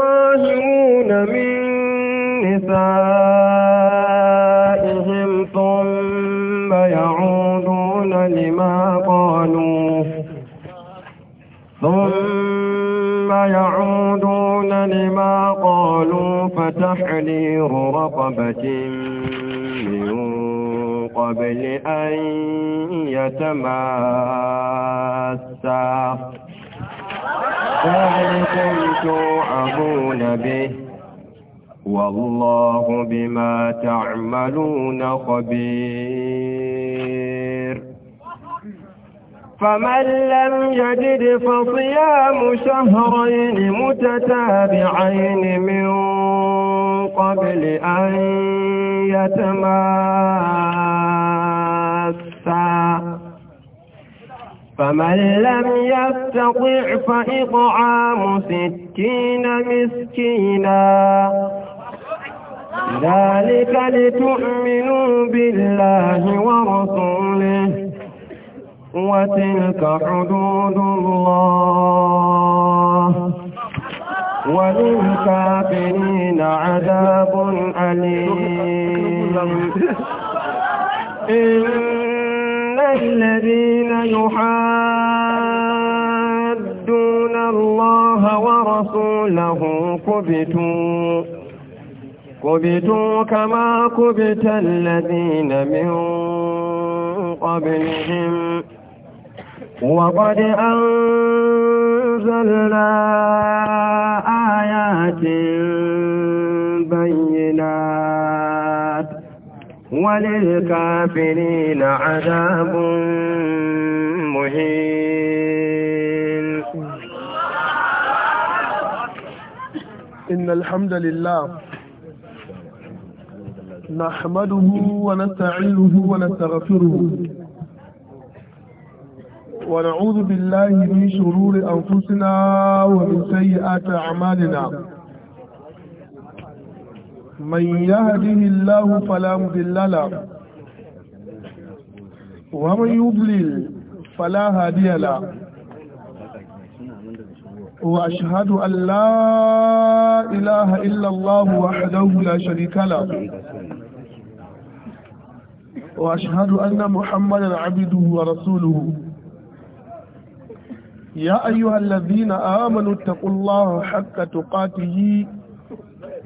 يظاهرون من نسائهم ثم يعودون لما قالوا ثم يعودون لما قالوا فتحرير رقبة قبل أن يتماسا ذلكم توعظون به والله بما تعملون خبير فمن لم يجد فصيام شهرين متتابعين من قبل أن يتمان فمن لم يستطع فإطعام ستين مسكينا ذلك لتؤمنوا بالله ورسوله وتلك حدود الله وللكافرين عذاب أليم الذين يحادون الله ورسوله كبتوا كبتوا كما كبت الذين من قبلهم وقد أنزلنا آياتي وللكافرين عذاب مهين إن الحمد لله نحمده ونستعينه ونستغفره ونعوذ بالله من شرور أنفسنا ومن سيئات أعمالنا من يهده الله فلا مضل له ومن يضلل فلا هادي له وأشهد أن لا إله إلا الله وحده لا شريك له وأشهد أن محمدا عبده ورسوله يا أيها الذين آمنوا اتقوا الله حق تقاته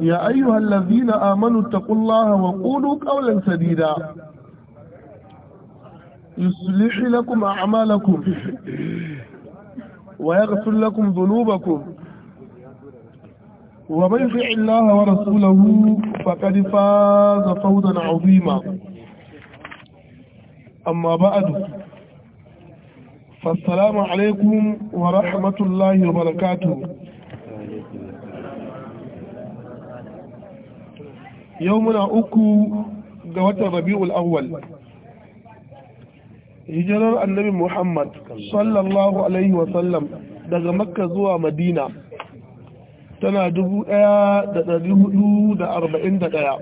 يا أيها الذين آمنوا اتقوا الله وقولوا قولا سديدا يصلح لكم أعمالكم ويغفر لكم ذنوبكم ومن يطع الله ورسوله فقد فاز فوزا عظيما أما بعد فالسلام عليكم ورحمة الله وبركاته yau muna uku ga watan rabi'ul awwal hijirar annabi muhammad sallallahu alaihi wasallam daga makka zuwa madina tana dubu ɗaya da da da ɗaya,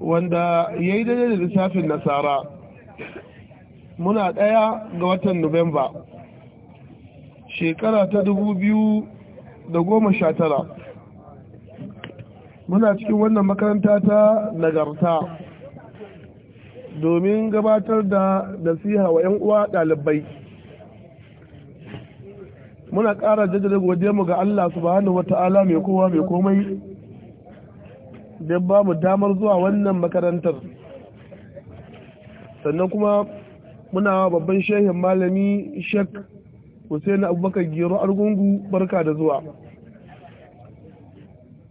wanda ya yi daidai da lissafin nasara muna ɗaya ga watan nuwamba shekara ta dubu biyu da goma sha tara. muna cikin wannan makaranta ta nagarta domin gabatar da nasiha wa 'yan uwa ɗalibai muna ƙara jaddada waje mu ga Allah subhanahu wata'ala mai kowa mai komai da ba mu damar zuwa wannan makarantar sannan kuma muna babban shehin malami shek Hussein Abubakar Gero Argungu barka da zuwa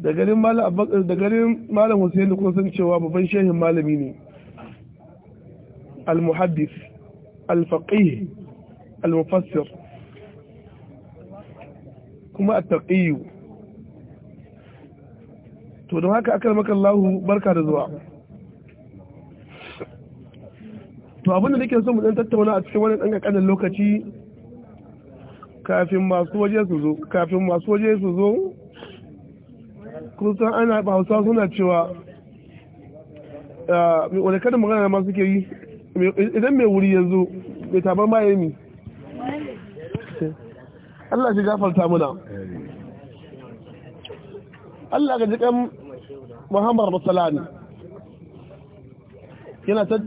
da garin malam hussein da kuma san cewa babban shehin malami ne al-muhaddis al-faqih al-mufassir kuma at-taqi to don haka akal maka Allah barka da zuwa to abinda nake so mu dan tattauna a cikin wannan dan kankanin lokaci kafin masu waje su zo kafin masu waje su zo kun ana ba hausa suna cewa ah, wani kada magana ma suke yi idan mai wuri yanzu mai tabar ma yi Allah shi gafarta muna Allah ga jikan Muhammad Rasulani yana ta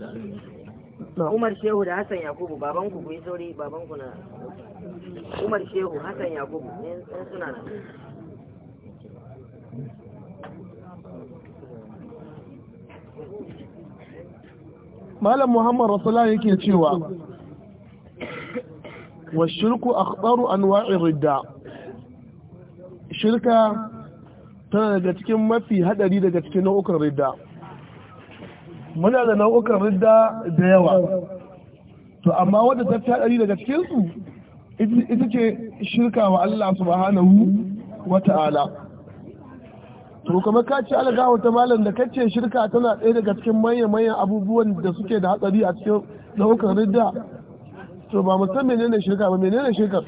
Umar Shehu da Hassan Yakubu baban ku yi sauri ku na Umar Shehu Hassan Yakubu ne suna nan malam muhammad rasulullah yake cewa wa shirku akhtaru anwa'ir ridda shirka tana daga cikin mafi hadari daga cikin nau'ukan ridda muna da nau'ukan ridda da yawa to amma wadda ta hadari daga cikin su ita ce shirka wa Allah subhanahu wa ta'ala to kuma ka ce alaga wata malam da kace shirka tana ɗaya daga cikin manyan manyan abubuwan da suke da hatsari a cikin ɗaukar ridda to ba mu san menene shirka ba menene shirka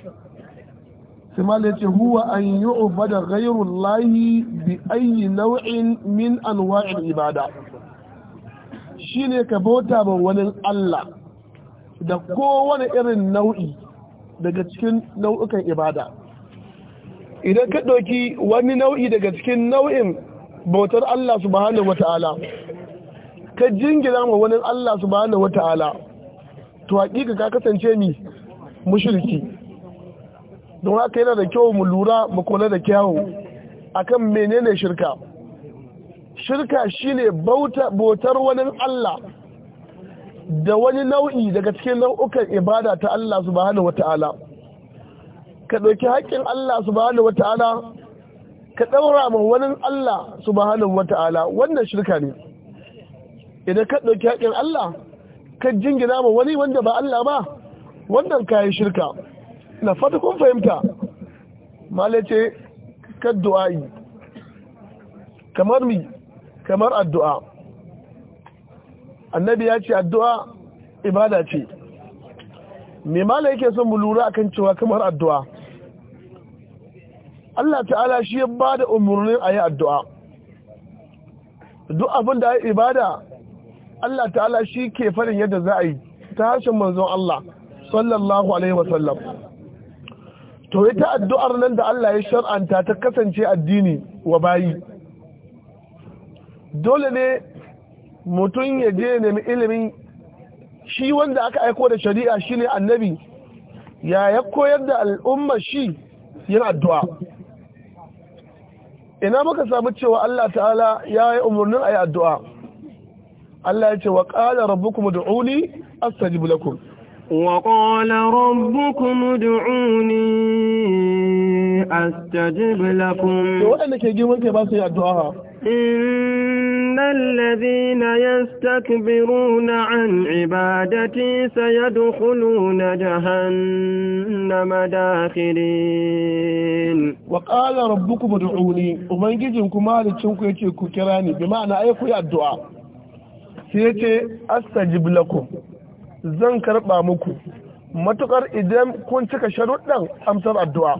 sai malam yace huwa an yu'bada ghayru llahi bi ayyi naw'in min anwa'il ibada shine ka bauta ba wani Allah da kowane irin nau'i daga cikin nau'ukan ibada idan ka ɗauki wani nau'i daga cikin nau'in bautar Allah subhanahu wata'ala ka jingina ma wani Allah subhanahu wata'ala to hakika ka kasance mi mushriki don haka yana da kyau mu lura mu kula da kyawu akan menene shirka shirka shine bautar wani Allah da wani nau'i daga cikin nau'ukan ibada ta Allah subhanahu wata'ala ka ɗauki haƙƙin Allah subhanahu wata'ala ka ɗaura ma wani Allah subhanahu wata'ala wannan shirka ne idan ka ɗauki haƙƙin Allah ka jingina ma wani wanda ba Allah ba wannan kayan shirka na fata kun fahimta malace ka du'a'i kamar mi kamar addu'a annabi ya ce addu'a ibada ce me mala yake son mu lura akan cewa kamar addu'a Allah ta'ala shi ya ba da umarnin a yi addu'a duk abin da ya ibada Allah ta'ala shi ke farin yadda za a yi ta harshen manzon Allah sallallahu alaihi wasallam to ita addu'ar nan da Allah ya shar'anta ta kasance addini wa bayi dole ne mutum ya je nemi ilimin shi wanda aka aiko da shari'a shine annabi ya koyar da al'umma shi yin addu'a ina muka samu cewa Allah ta'ala ya yi umarnin a yi addu'a Allah ya ce wa ƙala rabbukum a astajib bulakun wa ƙala rabbukum a astajib bulakun Da waɗanda ke girman ba su yi addu'a إن الذين يستكبرون عن عبادتي سيدخلون جهنم داخلين وقال ربكم ادعوني ومن جيجنكم مالكم يتيكو كراني بمعنى أيكو يا الدعاء سيتي أستجب لكم zan karɓa muku matukar idan kun cika sharuɗan amsar addu'a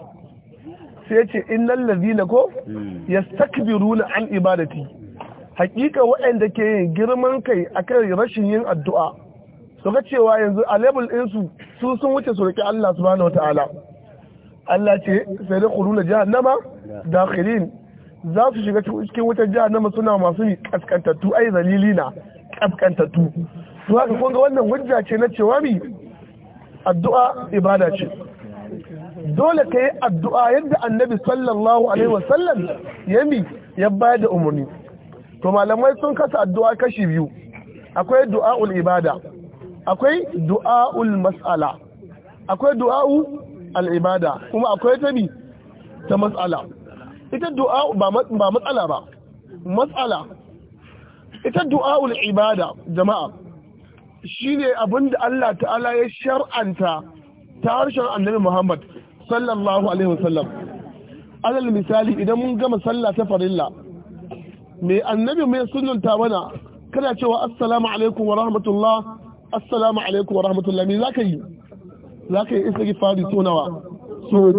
sai ce innal ladina ko yastakbiruna an ibadati hakika waɗanda ke girman kai a kan rashin yin addu'a suka cewa yanzu a lebul ɗinsu su sun wuce su riƙe Allah bane wataala Allah ce sai da kurula da khirin za su shiga cikin wutar nama suna masu kaskantattu ai na kaskantattu su haka kun ga wannan hujja ce na cewa mi addu'a ibada ce dole ka yi addu'a yadda annabi sallallahu alaihi wasallam ya mi ya bayar da umarni to malamai sun kasa addu'a kashi biyu akwai du'a'ul ibada akwai du'a'ul mas'ala akwai du'a'u al-ibada. kuma akwai tabi ta mas'ala ita du'a ba matsala ba matsala ita du'a'ul ibada jama'a shine abinda Allah ta'ala ya shar'anta ta harshen annabi Muhammad sallallahu alaihi wasallam alal misali idan mun gama sallah ta farilla mai annabi mai sunanta mana kana cewa assalamu alaikum wa rahmatullah assalamu alaikum wa rahmatullah me zaka yi zaka yi istighfari so nawa so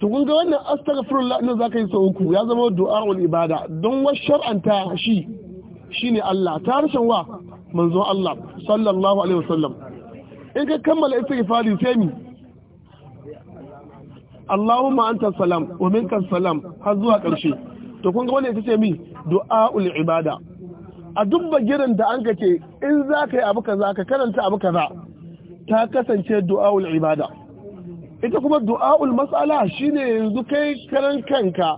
to kun ga wannan astaghfirullah din zaka yi so ya zama du'a'ul ibada don wa shar'anta shi shine Allah ta harshen wa manzon Allah sallallahu alaihi wasallam in ka kammala istighfari sai mi Allahumma anta salam wa minka salam har zuwa ƙarshe to kun ga wannan ita ce mi ul ibada a dubba girin da an kace in za ka yi abu kaza ka karanta abu kaza ta kasance du'a ul ibada ita kuma du'a matsala mas'ala shine yanzu kai karan kanka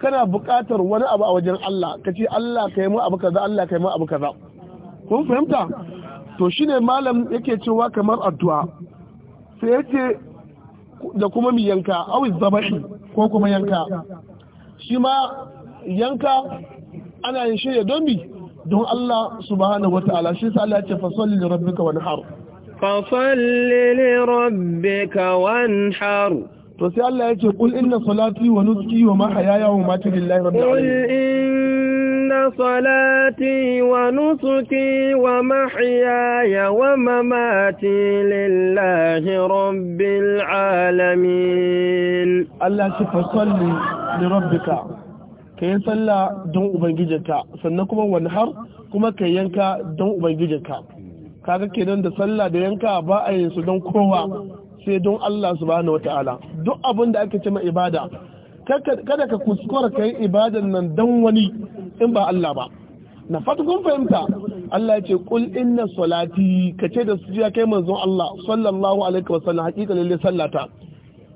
kana buƙatar wani abu a wajen Allah ka ce Allah ka yi mu abu kaza Allah ka yi mu abu kaza kun fahimta to shine malam yake cewa kamar addu'a sai yace da kuma mi yanka awi zaba'i ko kuma yanka shi ma yanka ana yin shirya don don Allah subhanahu wa ta'ala shi sa Allah ya ce fasalli li rabbika wanhar fasalli li rabbika wanhar to sai Allah ya ce kul inna salati wa nusuki wa mahayaya wa mamati lillahi rabbil alamin صلاتي ونسكي ومحياي ومماتي لله رب العالمين الله فصل لربك ka yi sallah don ubangijinka sannan kuma wani har kuma ka yanka don ubangijinka kaga kenan da sallah da yanka ba a yin su don kowa sai don Allah subhanahu wataala duk abin da ake cema ibada kada ka kuskura ka yi ibadan nan don wani in ba Allah ba na fatakun fahimta Allah ya ce kul inna salati ka ce da su kai manzon Allah sallallahu alaihi wa sallam hakika lalle sallata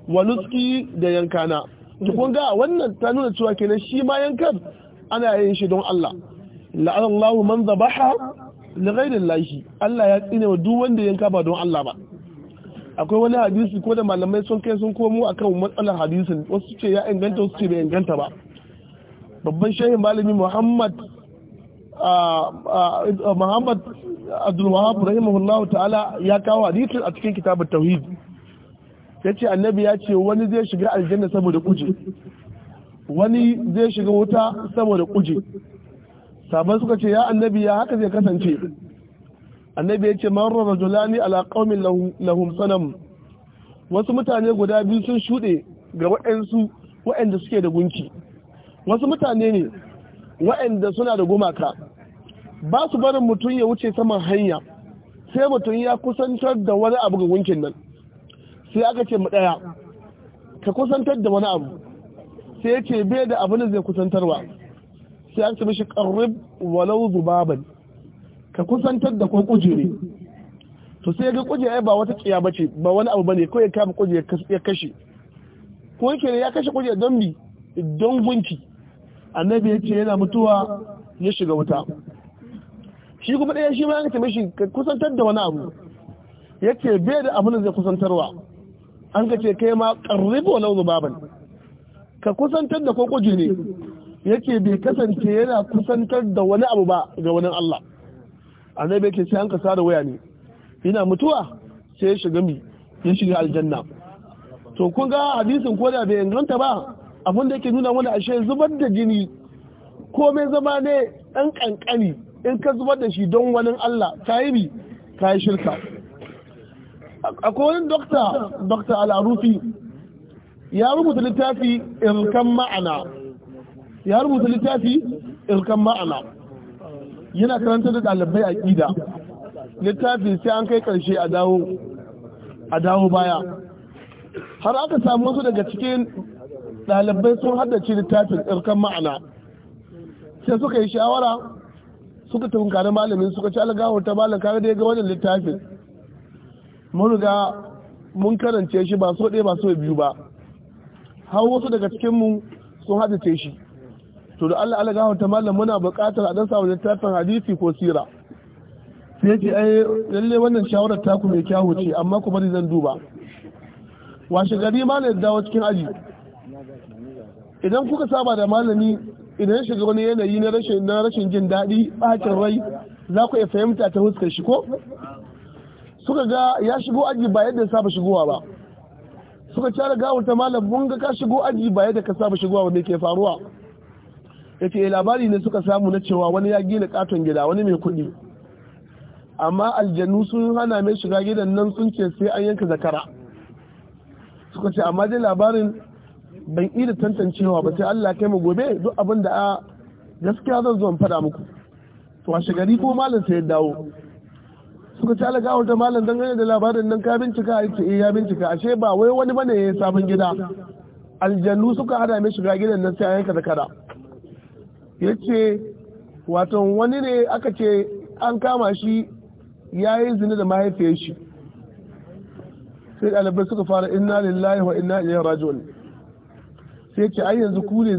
wa nuski da yankana kun ga wannan ta nuna cewa kenan shi ma yankan ana yin shi don Allah allahu man zabaha li lashi Allah ya tsine wa duk wanda yanka ba don Allah ba akwai wani hadisi ko da malamai sun kai sun komo akan matsalar hadisin wasu ce ya inganta wasu ce bai inganta ba babban shehin malami Muhammad Muhammad Abdul Wahab rahimahullahu ta'ala ya kawo hadisi a cikin kitabut tauhid ya ce annabi ya ce wani zai shiga aljanna saboda kuje wani zai shiga wuta saboda kuje sabon suka ce ya annabi ya haka zai kasance annabi ya ce marar rajulani ala qaumin lahum sanam wasu mutane guda biyu sun shuɗe ga waɗansu waɗanda suke da gunki wasu mutane ne waɗanda suna da gumaka ba su barin mutum ya wuce saman hanya sai mutum ya kusantar da wani abu ga gunkin nan sai aka ce mu ɗaya ka kusantar da wani abu sai ya ce bai da abin da zai kusantarwa sai aka ce mishi ƙarrib walau zubaban ka kusantar da ko kujere to sai ga kujere ba wata tsiya ba ce ba wani abu bane ko ya kama kujere ya kashe ko yake ya kashe kujere don bi don gunki annabi ya ce yana mutuwa ya shiga wuta shi kuma ɗaya shi ma ya ce mishi ka kusantar da wani abu ya ce bai da abin da zai kusantarwa an ka ce kai ma qarribu law zubaban ka kusantar da kwakwaje ne yake bai kasance yana kusantar da wani abu ba ga wani Allah A bai ke sai an ka sada waya ne Ina mutuwa sai ya shiga mi ya shiga aljanna to kun ga hadisin ko da bai inganta ba abin da yake nuna mana ashe zubar da jini ko mai zama ne dan kankani in ka zubar da shi don wani Allah ka yi bi ka yi shirka akwai dokta dokta al'arufi ya rubuta littafi irkan ma'ana ya rubuta littafi irkan ma'ana yana karanta da ɗalibai a ƙida littafin sai an kai ƙarshe a dawo a dawo baya har aka samu su daga cikin ɗalibai sun haddace littafin irkan ma'ana sai suka yi shawara suka tunkari malamin suka ci algawar ta malam kare da ya ga wannan littafin mun riga mun karance shi ba so ɗaya ba so biyu ba har wasu daga cikinmu sun hadace shi to da Allah Allah gafarta mallam muna buƙatar a dan samu littafin hadisi ko sira sai ce ai lalle wannan shawarar ku mai kyawu ce amma ku bari zan duba washe gari ma na dawo cikin aji idan kuka saba da malami idan ya shiga wani yanayi na rashin jin daɗi ɓacin rai za ku iya fahimta ta huskar shi ko suka ga ya shigo aji ba yadda ya saba shigowa ba suka cara gawar ta malam mun ga ka shigo aji ba yadda ka saba shigowa ba ke faruwa ya eh, labari ne suka samu na cewa wani ya gina katon gida wani mai kuɗi amma aljanu sun hana mai shiga gidan nan sun ce sai an yanka zakara suka ce amma dai labarin ban iya tantancewa ba sai Allah kai mu gobe duk abin da a gaskiya zan zo in faɗa muku to a shigari ko malam sai ya dawo suka ci alaga wata malam dangane da labarin nan ka bincika a ce eh, ya bincika ashe ba wai wani bane ya sabon gida aljannu suka hada mai shiga gidan nan sai yanka da kada ya ce wato wani ne aka ce an kama shi ya yi zina da mahaifiyar shi sai ɗalibai suka fara inna lillahi wa inna ilaihi raji'un sai ce ai yanzu ku ne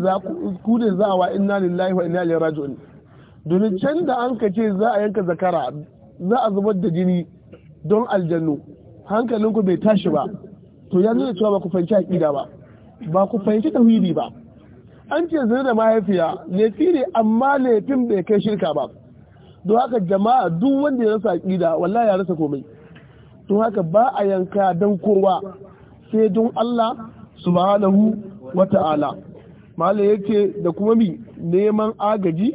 za a wa inna lillahi wa inna ilaihi raji'un domin can da an ka ce za a yanka zakara za a zubar da jini don aljannu hankalin ku bai tashi ba to ya nuna cewa ba ku fahimci aƙida ba ba ku fahimci tauhidi ba an ce zai da mahaifiya laifi ne amma laifin bai kai shirka ba don haka jama'a duk wanda ya rasa aƙida wallahi ya rasa komai don haka ba a yanka don kowa sai don Allah subhanahu wa ta'ala Malam yake da kuma mi neman agaji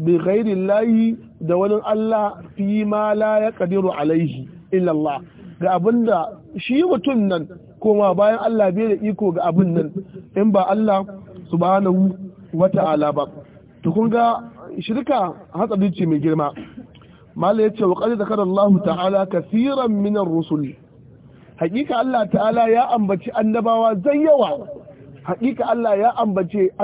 bi ghairi layi da wani Allah fi ma la ya kadiru alaihi illallah ga abin shi mutum nan koma bayan Allah bai da iko ga abin nan in ba Allah subhanahu wa ta'ala ba to kun ga shirka hatsari ce mai girma mala yace wa qad zakara Allah ta'ala kaseeran min ar-rusul hakika Allah ta'ala ya ambaci annabawa zai yawa hakika Allah ya ambace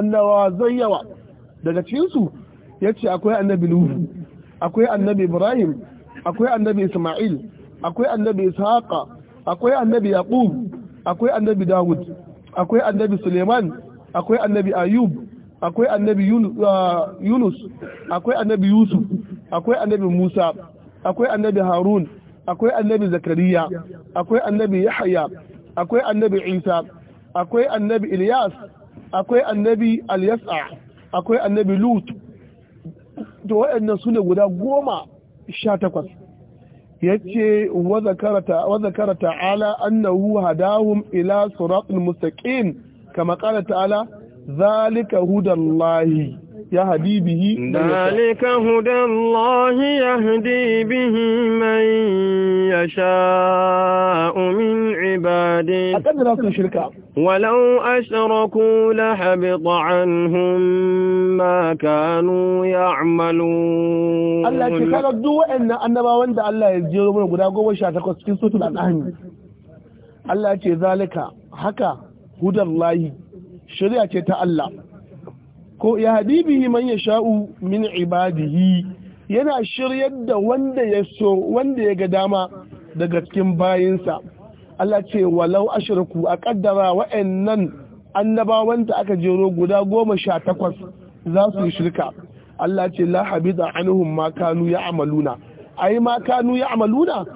yace akwai annabi Nuhu akwai annabi ibrahim akwai annabi isma'il akwai annabi ishaqa akwai annabi yaqub akwai annabi dawud akwai annabi suleiman akwai annabi ayub akwai annabi yunus akwai annabi yusuf akwai annabi musa akwai annabi harun akwai annabi zakariya akwai annabi yahya akwai annabi isa akwai annabi ilyas akwai annabi alyasa akwai annabi lut to waɗannan su ne guda goma sha takwas ya ce wa ta'ala annahu hadahum ila siratul mustaqim kama qala ta'ala zalika hudallahi ya habibihi dalika hudallahi yahdi bihi man yasha'u min ibadi akadraku shirka walau ashraku lahabita anhum ma kanu ya'malun Allah ki kala duk wa'annan annaba wanda Allah ya jiyo mun guda 18 cikin sutul adhani Allah ya ce zalika haka hudallahi shari'a ce ta Allah ko ya habibihi man ya sha'u min ibadihi yana shiryar da wanda ya so wanda ya ga dama daga cikin bayinsa Allah ce walau ashirku a kaddara wa'annan annabawan da aka jero guda goma sha takwas za su shirka Allah ce la habida anhum ma kanu ya'maluna ai ma kanu ya'maluna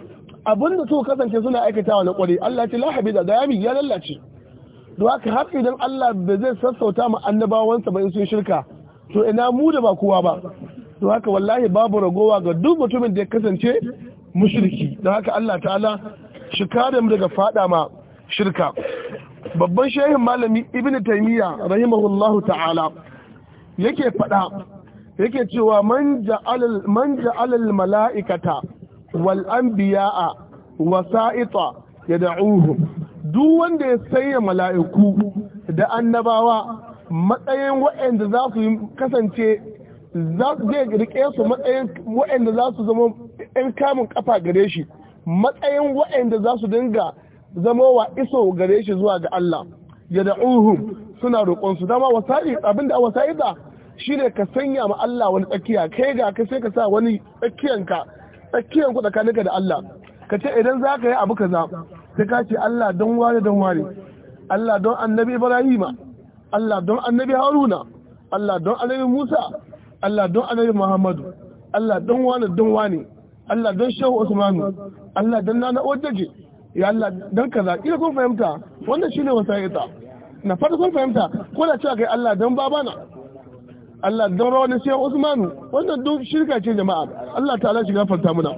abinda suka kasance suna aikatawa na kwari Allah ce la habida da yami ya lallace don haka har idan Allah ba zai sassauta wa annabawansa ba in sun shirka to ina mu da ba kowa ba don haka wallahi babu ragowa ga duk mutumin da ya kasance mushriki don haka Allah ta'ala shi da mu daga fada ma shirka babban shehin malami ibn taymiya rahimahullahu ta'ala yake fada yake cewa man ja'alal man ja'alal mala'ikata wal anbiya'a wasa'ita yad'uhum duk wanda ya sanya mala'iku da annabawa matsayin waɗanda za su kasance za su je rike su matsayin waɗanda za su zama 'yan kamun kafa gare shi matsayin waɗanda za su dinga zama wa iso gare shi zuwa ga Allah ya da'uhum suna roƙonsu, dama wasa'i abinda shi shine ka sanya ma Allah wani tsakiya kai ga ka sai ka sa wani tsakiyanka tsakiyanku tsakaninka da Allah ka ce idan za ka yi abu kaza sai ka ce Allah don ware don ware Allah don annabi Ibrahima Allah don annabi Haruna Allah don annabi Musa Allah don annabi Muhammadu Allah don wani don wani Allah don Shehu Usmanu Allah don Nana Ojaje ya Allah don kaza kila kun fahimta wannan shine wasaita na fata kun fahimta ko da cewa kai Allah don babana Allah don rawani Shehu Usmanu wannan duk shirka ce jama'a Allah ta'ala shi gafarta muna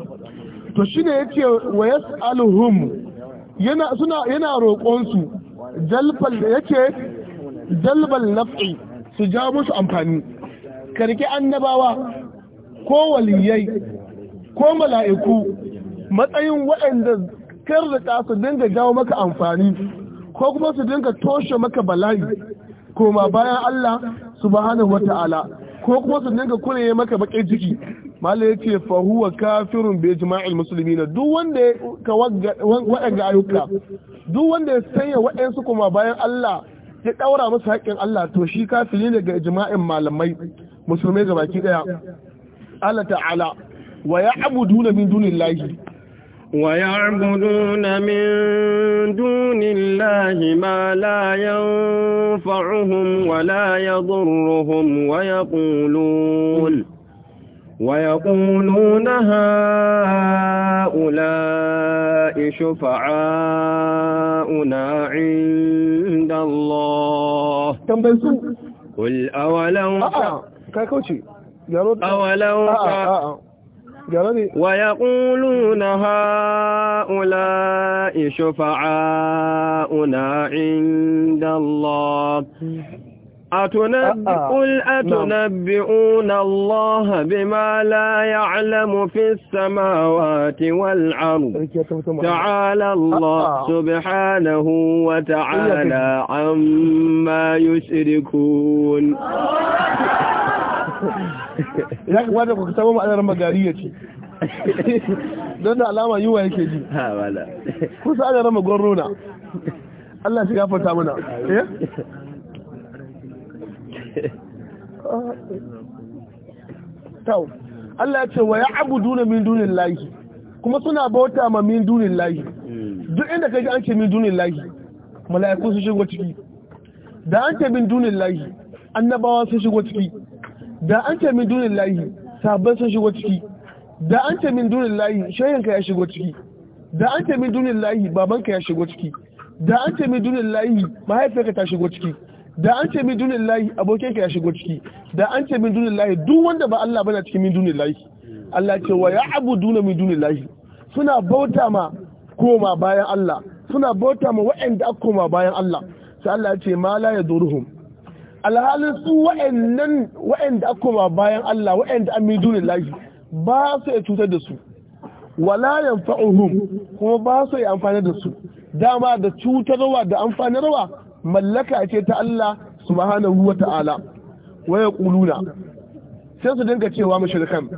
to shine yace wa yas'aluhum yana suna yana roƙon su jalbal da yake jalbal naf'i su ja musu amfani karki annabawa ko waliyai ko mala'iku matsayin waɗanda karrata su dinga jawo maka amfani ko kuma su dinga toshe maka bala'i koma bayan Allah subhanahu wata'ala ko kuma su dinga kure maka baƙin ciki mala ya ce fahuwa kafirun bai jima'il musulmi na duk wanda ya waɗanda ayyuka duk wanda ya sanya waɗansu kuma bayan Allah ya ɗaura musu haƙƙin Allah to shi kafiri ne ga jima'in malamai musulmai ga baki ɗaya Allah ta'ala wa ya abudu na min dunin lahi wa ya abudu na min dunin lahi ma la yanfa'uhum wa la yadurruhum wa yaqulun ويقولون هؤلاء شفعاؤنا عند الله قل أولو آه، آه، أولو آه، ويقولون هؤلاء شفعاؤنا عند الله أتنبئ أتنبئون الله بما لا يعلم في السماوات والأرض تعالى الله سبحانه وتعالى عما يشركون ya kamata ku samu ma'anar magariya ce don da alama yiwa yake ji kusa ana rama gwarrona Allah shi gafarta mana tau Allah ya ce wa ya duna min dunin layi? kuma suna bauta ma min dunin layi. Hmm. duk inda ji an ce min dunin layi, mala'iku sun shigo ciki da an ce min dunin dunillahi annabawa sun shigo ciki da an ce min dunin layi, sabon sun shigo ciki da an ce min dunin layi, shayanka ya shigo ciki da an ce min dunin layi, babanka ya shigo ciki da an ce min dunin layi, mahaifiyarka ta shigo ciki da an ce min dunin lahi abokin ka ya shigo ciki da an ce min dunin lahi duk wanda ba Allah bana cikin min dunin lahi Allah ce wa ya abu duna min dunin lahi suna bauta ma koma bayan Allah suna bauta ma wa'anda aka koma bayan Allah sai Allah ce ma la yaduruhum alhalin su wa'annan wa'anda aka koma bayan Allah wa'anda an min dunin lahi ba su ya cutar da su wala yanfa'uhum kuma ba su ya amfani da su dama da cutarwa da amfanarwa mallaka ce ta Allah subhanahu wa ta'ala waya kuluna sai su dinga cewa mushrikan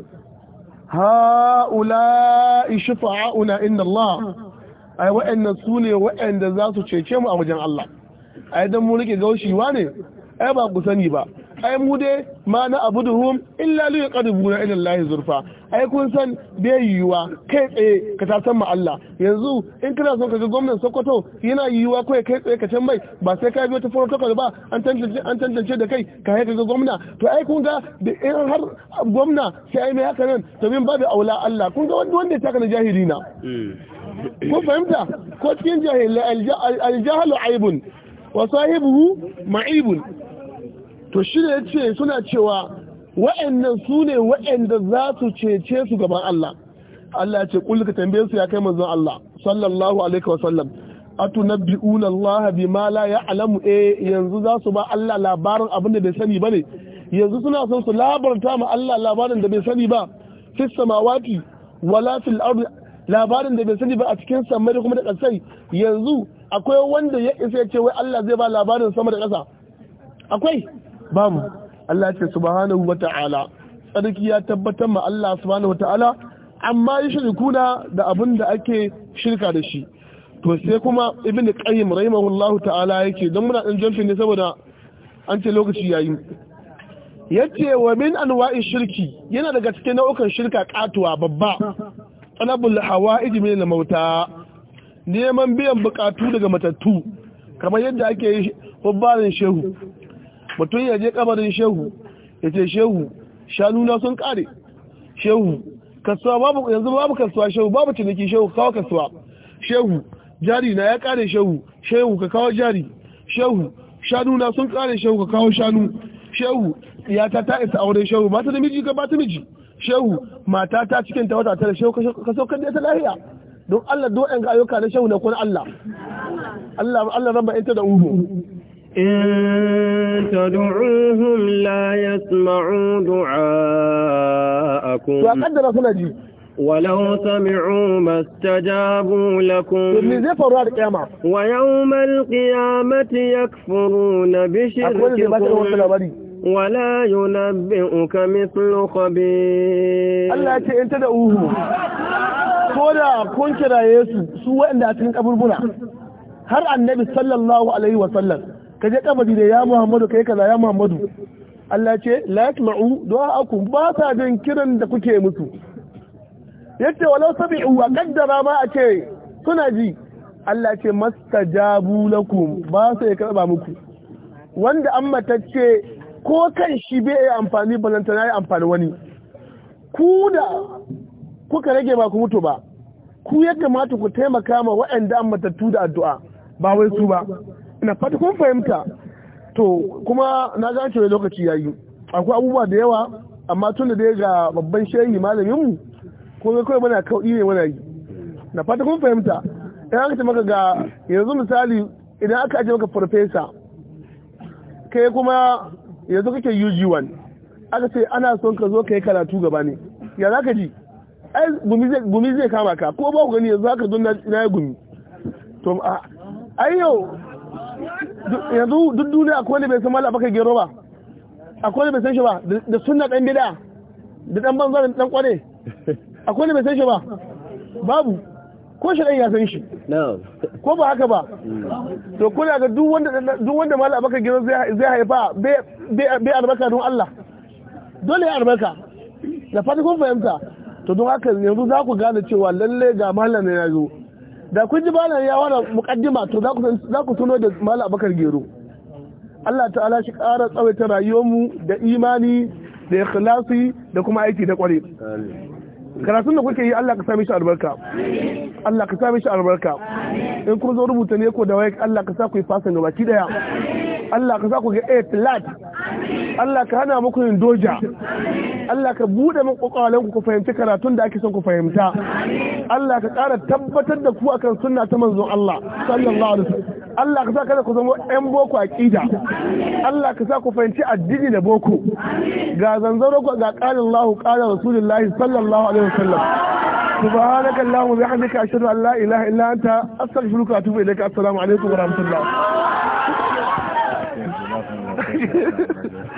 ha'ula shufa'auna inda Allah ai wa'annan su ne wa'anda za su cece mu a wajen Allah ai dan mu rike gaushewa ne ai ba ku sani ba ai mu dai ma na abuduhum illa li yaqribuna ila Allah zurfa ai kun san bai yiwuwa kai tsaye ka ta san ma Allah yanzu in kana son ka ga gwamnatin Sokoto yana yiwuwa kai kai tsaye ka can mai ba sai ka bi wata protocol ba an tantance an tantance da kai ka kai ka ga gwamna to ai kun ga da in har gwamna sai ai mai haka nan to min babu aula Allah kun ga wanda ya taka na jahilina hmm. ko fahimta ko cikin jahil al-jahlu aibun wa sahibuhu ma'ibun to shi ne ce suna cewa wa'annan su ne wa'anda za su cece su gaban Allah Allah ya ce kullum ka tambaye su ya kai manzon Allah sallallahu alaihi wa sallam atunabbi'una Allah bima la ya'lamu eh yanzu za su ba Allah labarin abin da bai sani bane yanzu suna son su labarta ma Allah labarin da bai sani ba fis samawati wala fil ardi labarin da bai sani ba a cikin samai kuma da kasai yanzu akwai wanda ya isa ya ce wai Allah zai ba labarin sama da kasa akwai babu Allah ce subhanahu wa ta'ala tsarki ya tabbatar ma Allah subhanahu wa ta'ala amma yi shirkuna da abin da ake shirka da shi to sai kuma ibn qayyim rahimahullahu ta'ala yake don muna dan jamfin ne saboda an ce lokaci yayi yace wa min anwa'i shirki yana daga cikin nau'ukan shirka katuwa babba talabul hawa, min al-mauta neman biyan bukatu daga matattu kamar yadda ake yi hubbarin shehu mutum ya je kabarin shehu ya ce shehu shanuna sun kare shehu kasuwa babu yanzu babu kasuwa shehu babu ciniki shehu kawo kasuwa shehu jari na ya kare shehu shehu ka kawo jari shehu shanuna sun kare shehu ka kawo shanu shehu iyata ta isa auren shehu ba ta da miji ka ba ta miji shehu mata ta cikin ta wata tare shehu ka saukar da ta lahiya don Allah do'en ga ayyuka na shehu na kun Allah Allah Allah rabba ita da umu إن تدعوهم لا يسمعوا دعاءكم ولو سمعوا ما استجابوا لكم ويوم القيامة يكفرون بشرككم ولا ينبئك مثل خبير الله يتي انت دعوه كودا كون كرايسو سوى ان دعتين قبل بنا هر النبي صلى الله عليه وسلم ka je kabari da ya muhammadu kai kaza ya muhammadu Allah ce la yatma'u du'a'akum ba sa jin kiran da kuke musu yace walau sabi'u wa qaddara ma a ce suna ji Allah ce mastajabu lakum ba sa ya karba muku wanda an matacce ko kan shi bai yi amfani balanta yi amfani wani ku da kuka rage ba ku mutu ba ku ya kamata ku taimaka ma wa'anda an matattu da addu'a ba wai su ba ina fata kun fahimta to kuma na ga cewa lokaci yayi akwai abubuwa da yawa amma tun da dai ga babban shehi malaminmu ko ga kawai muna kauɗi ne muna yi na fata kun fahimta idan aka ce maka ga yanzu misali idan aka ajiye maka farfesa kai kuma yanzu kake UG1 aka ce ana son ka zo ka yi karatu gaba ne ya za ka ji ai gumi zai kama ka ko ba ku gani yanzu aka don na yi gumi to ai yau yanzu duk duniya akwai wani bai san mala baka gero ba akwai wanda bai san shi ba da sunna dan bid'a da dan banza da dan kware akwai wani bai san shi ba babu ko shi dan ya san shi ko ba haka ba hmm. to kuna ga duk wanda duk wanda mala baka gero zai zai haifa bai albarka don Allah dole ya albarka da fatan kun fahimta to don haka yanzu za ku gane cewa lalle ga mallam ne ya zo da kun ji bana ya da mukaddima to za ku tuno da mala abakar gero Allah ta'ala shi ƙara tsawaita rayuwarmu da imani da ikhlasi da kuma aiki da ƙware karatun da kuke yi Allah ka sami shi albarka Allah ka sami shi albarka in kun zo rubuta ne ko da waye Allah ka sa ku yi gaba gabaki daya Allah ka sa ku ga A flat Allah ka hana muku yin doja Allah ka bude muku kwalanku ku fahimci karatun da ake son ku fahimta Allah ka ƙara tabbatar da ku akan sunna ta manzon Allah sallallahu alaihi wasallam Allah ka sa kada ku zama ƴan boko aqida Allah ka sa ku fahimci addini da boko ga zanzaro ku ga qalin Allah qala rasulullahi sallallahu alaihi wasallam سبحانك اللهم وبحمدك اشهد ان لا اله الا انت استغفرك واتوب اليك السلام عليكم ورحمه الله